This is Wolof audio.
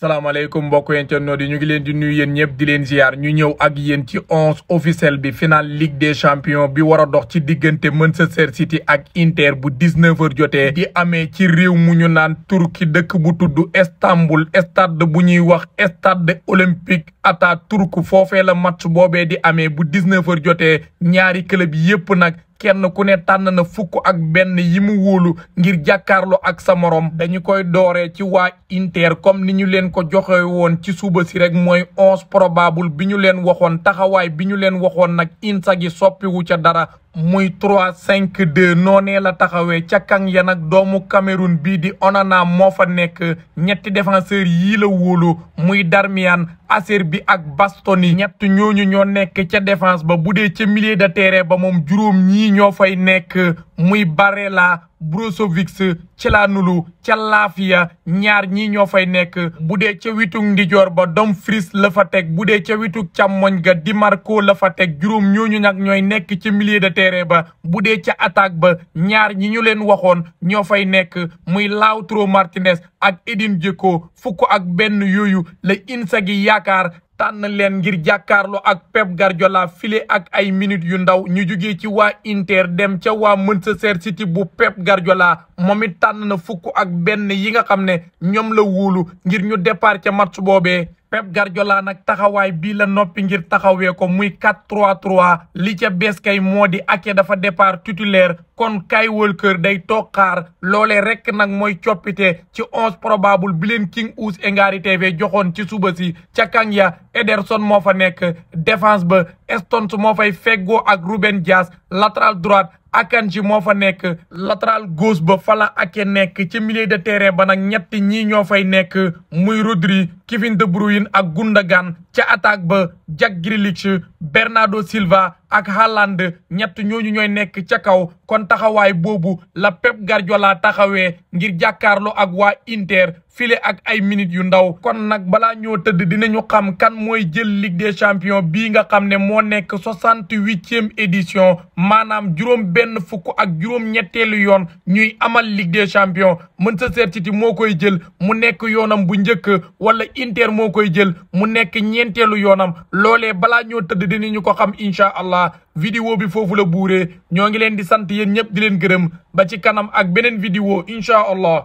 salaamaaleykum mbokk internautes yi ñu ngi leen di nuy yéen ñëpp di leen ziar ñu ñëw ak yéen ci onze officiel bi final Ligue des champion bi war a dox ci diggante Manchester City ak Inter bu 19h jotee di amee ci réew mu ñu naan Turquie dëkk bu tudd Istanbul stade bu ñuy wax stade olympique Atatürk foofee la match boobee di amee bu 19h jotee ñaari club yépp nag. kenn ku ne tànn na fukk ak benn yi mu wóolu ngir jàkkaarloo ak sa morom dañu koy doore ci waa Inter comme ni ñu leen ko joxe woon ci suba si rek mooy onze probable bi ñu leen waxoon taxawaay bi ñu leen waxoon nag Inzaghi soppiwu ca dara muy 3 5 2 noonee la taxawee ca kan ya nag doomu Cameroun bii di Onana moo fa nekk ñetti défenseur yii la wóolu muy Darmian Acerbi ak Bastoni ñett ñooñu ñoo nekk ca défense ba bu dee ca milieu de terrain ba moom juróom ñii ñoo fay nekk muy Barella Brozovic Çalhanoğlu ca Lafia ñaar ñi ñoo fay nekk bu dee ca witug ndijoor ba Dumfries la fa teg bu dee ca witug càmmoñ ga Di Marco la fa teg juróom ñooñu nag ñooy nekk ca milieu de terrain ba bu dee ca attaque ba ñaar ñi ñu leen waxoon ñoo fay nekk muy Lautaro Martinez ak Edin Dzeko fukk ak benn yooyu la Inzaghi yaakaar tànn leen ngir jàkkaarloo ak Pep Guardiola file ak ay minutes yu ndaw ñu jugee ci waa Inter dem ca waa Manchester City bu Pep Guardiola moom it tànn na fukk ak benn yi nga xam ne ñoom la wóolu ngir ñu départ ca match boobee Pep Guardiola nag taxawaay bii la noppi ngir taxawee ko muy 4-3-3 li ca bees kay moo di Ake dafa départ titulaire kon Kyle Walker day toog xaar loolee rek nag mooy coppite ci onze probable bi leen King Ouse Ngary TV joxoon ci suba si ca kang ya Ederson moo fa nekk défense ba Stones moo fay feggoo ak Ruben Dias latéral droite Akanji moo fa nekk latral gauche ba fala Ake nekk ci milieu de terrain ba nag ñetti ñii ñoo fay nekk muy Rodri Kevin De Bruyne ak Gundogan ca attaque ba Jack Grealish Bernardo Silva ak Haaland ñett ñooñu ñooy nekk ca kaw kon taxawaay boobu la Pep Guardiola taxawee ngir jàkkaarloo ak waa Inter file ak ay minutes yu ndaw kon nag balaa ñoo tëdd dinañu xam kan mooy jël Ligue des champions bii nga xam ne moo nekk soixante-huitième édition maanaam juróom benn fukk ak juróom ñetteelu yoon ñuy amal Ligue des champions Manchester City moo koy jël mu nekk yoonam bu njëkk wala Inter moo koy jël mu nekk ñeenteelu yoonam loolee balaa ñoo tëdd dinañu ko xam incha allah vidéo bi foofu la buuree ñoo ngi leen di sant yéen ñëpp di leen gërëm ba ci kanam ak beneen vidéo incha allah